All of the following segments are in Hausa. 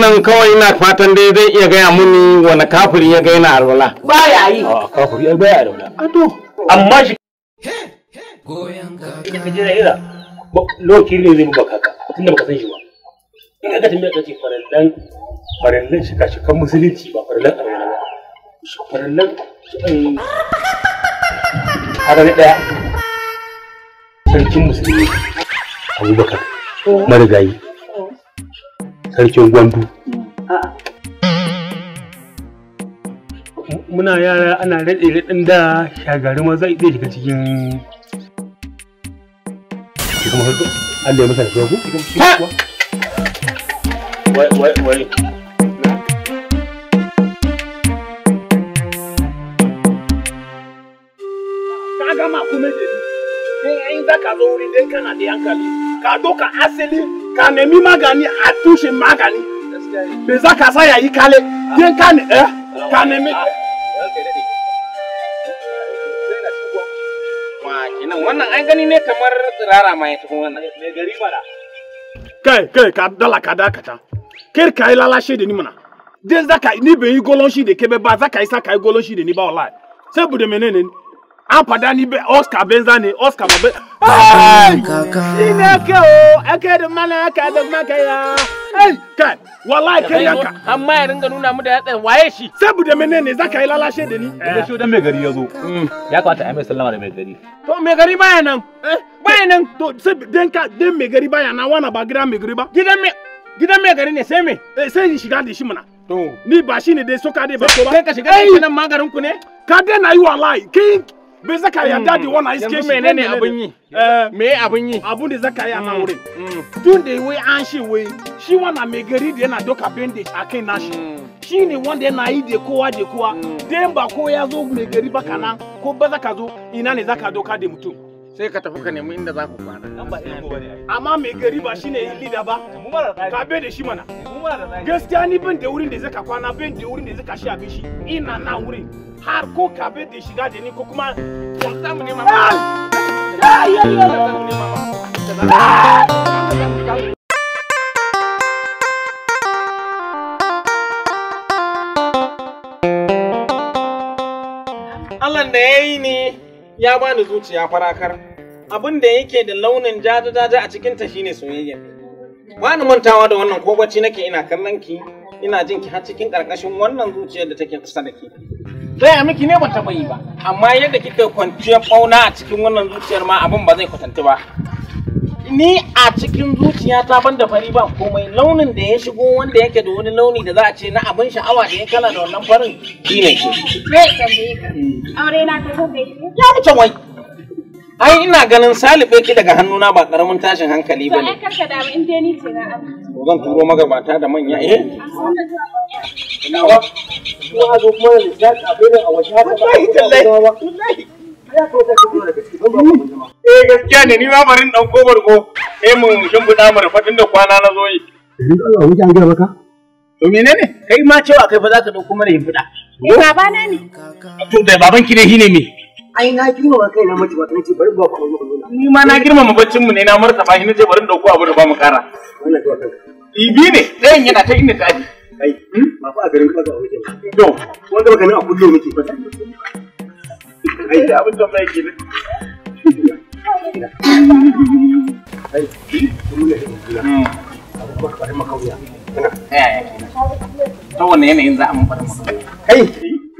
nan kawai ina fatan dai zai iya gaya muni wani kafiri ya gaina alwala. Ba ya yi. Kafiri ya gaya alwala. Ado. Amma shi. Goyon kaka. Ka jira ira. Loki ne zai buga kaka. Tunda baka san shi ba. Ina ga tambaya kace farallan farallan shi shika kan musulunci ba farallan arewa ba. Shi farallan harare um, daya. Sarkin musulunci. Abubakar. Marigayi. sarkin gwandu muna yara ana raɗe raɗin da shagari ma zai iya shiga cikin cikin hoto Allah ya masa da ku wai wai wai ka gama kuma da in za ka zo wuri ɗin kana da yankali, ka doka asali ka nemi magani a tushen magani bai za ka ya yi kale din ka eh ka nemi kenan wannan an gani ne kamar tsirara ma ya tafi wannan mai gari mana kai kai ka dala ka dakata kar ka yi lalashe da ni mana den za ni bai yi golon shi da kebe ba zaka ka yi sa ka yi golon shi da ni ba wallahi sai menene ne an fada ni be oscar benza ne oscar babe shi ne ake o ake da mana aka da maka ya ai kai wallahi kai yanka amma ya ringa nuna mu ye si. waye dɛmɛ ne menene zaka yi lalashe da ni da shi dan mai gari yazo ya mm. kwata ai mai sallama da mai gari to mai gari baya nan eh, baya nan to sai dan ka dan mai gari baya nan wana ba gidan mai gari ba gidan mai gidan mai gari ne sai me eh, sai ni shiga da shi muna to ni ba shi den dai soka dai ba ko ba ka shiga da shi magarin ku ka den na yi wallahi kin bai zaka yarda mm. da wannan iske shi menene abun yi eh, me abun yi abun da zaka yi mm. mm. a nan wurin tun da wai an si wai shi wannan mai gari da yana doka bandage a si si ni ne de n'a yi da kowa da kowa den ba ko ya zo megeri gari ba kana ko ba ka zo ina ne zaka doka da mutum sai ka tafi ka nemi inda za ku kwana amma mai gari ba shine leader ba ka bai da shi mana gaskiya ni ban da wurin da zaka kwana ban da wurin da zaka shi abin shi ina na wurin har ko ka bai da shiga da ni ko kuma ya samu ne mama ah! ah! ya ya ya ya ni ya bani zuciya farakar abin da yake da launin jaje-jaje a cikinta shine soyayya Ba mantawa da wannan ko bacci nake ina kallon ki ina jin ki har cikin karkashin wannan zuciyar da take kusa da ke. a miki ne ban taba yi ba, amma yadda kika kwanciyar fauna a cikin wannan zuciyar ma abin ba zai kwatanta ba. Ni a cikin zuciya ta ban da fari ba komai launin da ya shigo wanda yake da wani launi da za a ce na abin sha'awa da ya kala da wannan farin shi ne ke. Me tambaye Aure na ta zo Ya wuce wai. ai ina ganin salibe ki daga hannuna ba karamin tashin hankali ba ne. Ai karka da in dai ni ce na Zan turo magabata da manya eh. Ina ba. Ko ha zo kuma ne da abin a waje haka ba. Wallahi tallahi. Eh gaskiya ne ni ma barin dan kobar ko mun mu shimfiɗa mu rufatin da kwana na zo yi. Eh, ni Allah wuce an gaba ka? To menene? Kai ma cewa kai fa za ka dauko mana yin fida. Eh babana ne. To da babanki ne shine me? ai na girmama kai na mutu bari ba ku nuna ni ma na girmama baccin mu ne na martaba shi nace bari dauko abu da ba mu kara wannan to kanka ibi ne yana ta inda ta ai hmm? ba fa a garin kaza a wajen to wanda baka a kullu muke fata ai da abin da hmm. mai ke ai mun ne abu ba wannan yanayin za a mun fara makauya kai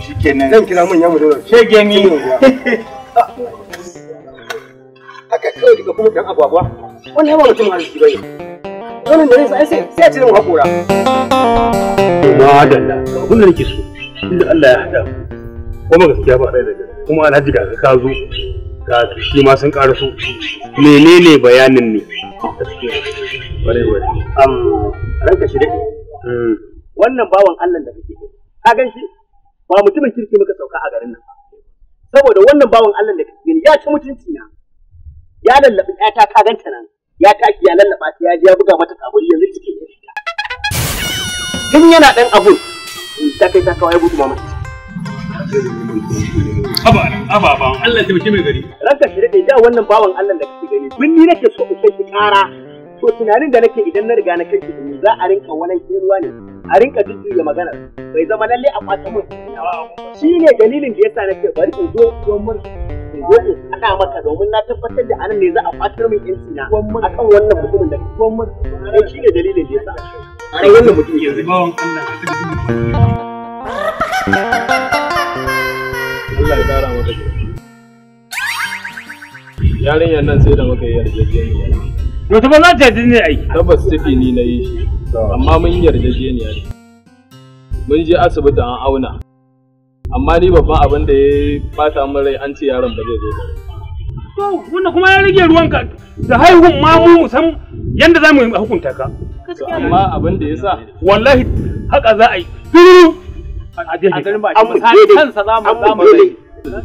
shikenan su ne abu ne kira manya mu da rai a ya hada mu kuma gaskiya ba rai da kuma alhaji ga ka zo ga shi ma sun ƙara so menene bayanin ne gaskiya bare bare am ranka shi dai wannan bawan Allah da kake ka gan shi ba mutumin kirki muka sauka a garin nan saboda wannan bawan Allah da kake gani ya ci mutunci na ya lallabi ta ka ganta nan ya taki ya lallaba ta ya ji ya buga mata kaburi yanzu cikin ya din yana dan abun ta kai ta kawai gudu Aba ababan Allah ta mace mai gari ranka shi da ja wannan bawan Allah da kake gani mun ni nake so in kai ki kara to tunanin da nake idan na riga na kai ki za a rinka wani ruwa ne a rinka da magana bai zama lalle a kwata mun shi ne dalilin da yasa nake bari in zo tuwon mun in zo in faɗa maka domin na tabbatar da anan ne za a kwatar min yanci na akan wannan mutumin da tuwon mun sai shi ne dalilin da yasa a rai wannan mutum ya zai bawan Allah ya kara maka yarinyar nan sai da muka yi yarjejeniya. Mutum ba za ta yi ne ai. Tabbas ciki ni na yi shi. amma mun yarjejeniya ne mun je asibiti an auna amma ni babban abin da ya bata min rai an ce yaron ba zai zo ba to wannan kuma ya rage ruwanka da haihun ma mu san yanda za mu hukunta ka amma abin da ya sa wallahi haka za a yi a garin ba kansa za mu za mu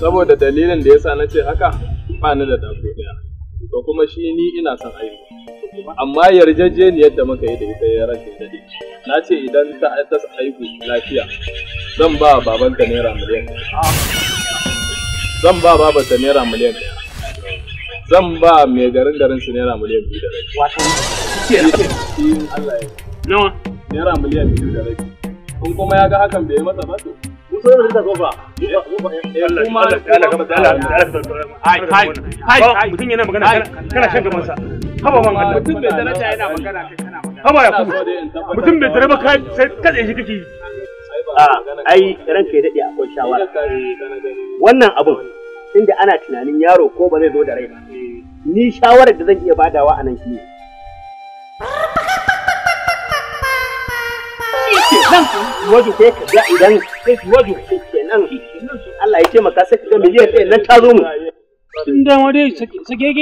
saboda dalilin da ya sa na ce haka ba ni da dafo daya to kuma shi ni ina son aiki amma yarjejeniyar da muka yi da ita ya rage dade na ce idan ta ta haihu lafiya zan ba babanta naira miliyan zan ba babanta naira miliyan zan ba mai garin garin su naira miliyan biyu da rage wato shi Allah ya nawa naira miliyan biyu da rage kun kuma ya ga hakan bai masa ba to mutum yana magana shan mutum bai daraja yana kana magana ya mutum bai ta kai sai kaje shi kake a ai ranka ya a akwai shawara wannan abun inda ana tunanin yaro ko ba zai zo da rai ni shawarar da zan iya badawa a nan shi ne wajen ko ka ga idan kenan Allah ya taimaka sai ka ga miliyan ɗaya nan ta zo mu tun dai sake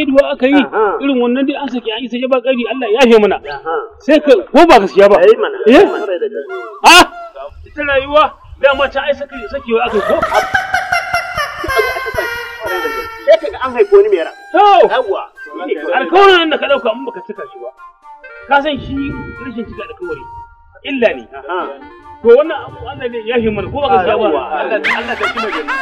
duwa aka yi irin wannan dai an sake an yi sake ba ƙari Allah ya fi mana sai ka ko ba gaskiya ba eh? ita rayuwa dama ta ai sake sakewa aka ko sai ka ga an haifo ni mera to yawa alkawarin nan da ka dauka in baka cika shi ba ka san shi rashin cika alkawari illa ne to wannan wannan ne ya himmar ko baka jawo Allah Allah ka kima gani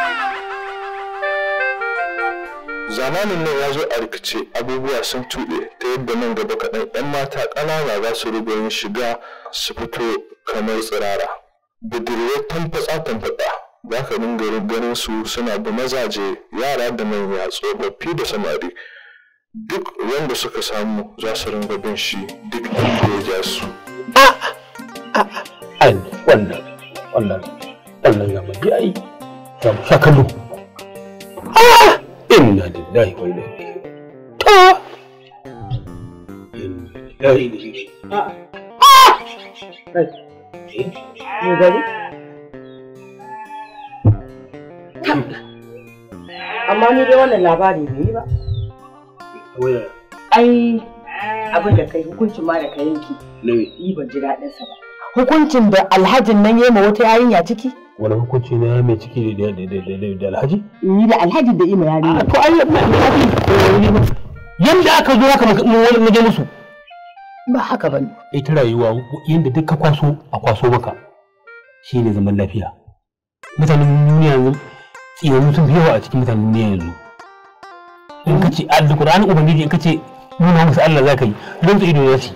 zamanin nan ya zo a rikice abubuwa sun tuɗe ta yadda nan gaba kaɗan 'yan mata ƙanana za su riga shiga su fito kamar tsirara budurwar tamfatsa tamfatsa za ka dinga ganin su suna da mazaje yara da manya tsofaffi da samari duk wanda suka samu za su ringa bin shi duk inda ya ja su ai wannan wannan wannan ya mai ai ya sha kallo ah inna lillahi wa inna ilaihi to inna lillahi ah kai ne gani amma ni dai wannan labari bai yi ba ai abin da kai hukuncin ma da kai yanki ni ban ji daɗinsa ba hukuncin da alhajin nan yema wata yarinya ciki wani hukunci na mai ciki da alhaji ni eh, da alhaji da ima yarinya to ai yanda aka zo haka mu je musu ba haka ba bane ita rayuwa yanda duk ka kwaso a kwaso maka shine zaman lafiya mutanen duniya yanzu tsiyanu sun fi yawa a cikin mutanen duniya yanzu in ka ce alƙur'ani ubangiji in ka ce nuna musu Allah za ka yi don su ido ya ce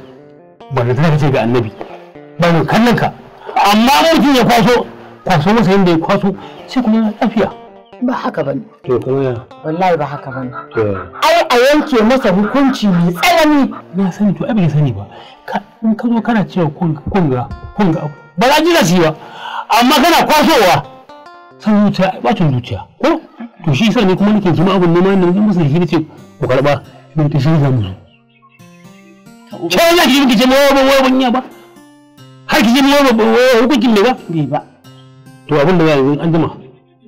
ba da ta ce ga annabi ba mai kallon ka amma mutum ya kwaso kwaso masa yadda ya kwaso sai kuma lafiya ba haka bane to kuma ya wallahi ba haka bane ai a yanke masa hukunci mai tsanani na sani to abin sani ba in ka zo kana cewa kunga kunga abu ba za ji da shi ba amma kana kwasowa san zuciya ai bacin zuciya ko to shi sani ne kuma nake jima abun nema ne musu da shi nace ku karba ne ta shi za mu zo. Cewa ya shi ne wai ban wai ban ya ba. har ki je biyo hukuncin ne ba bai ba to abin da ya yi an jima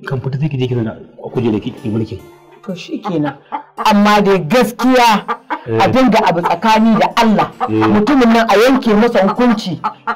kan fita sai ki je ki zana kuje da ki ki mulki to shi kenan amma dai gaskiya a eh. dinga abu tsakani da Allah eh. mutumin nan a yanke masa hukunci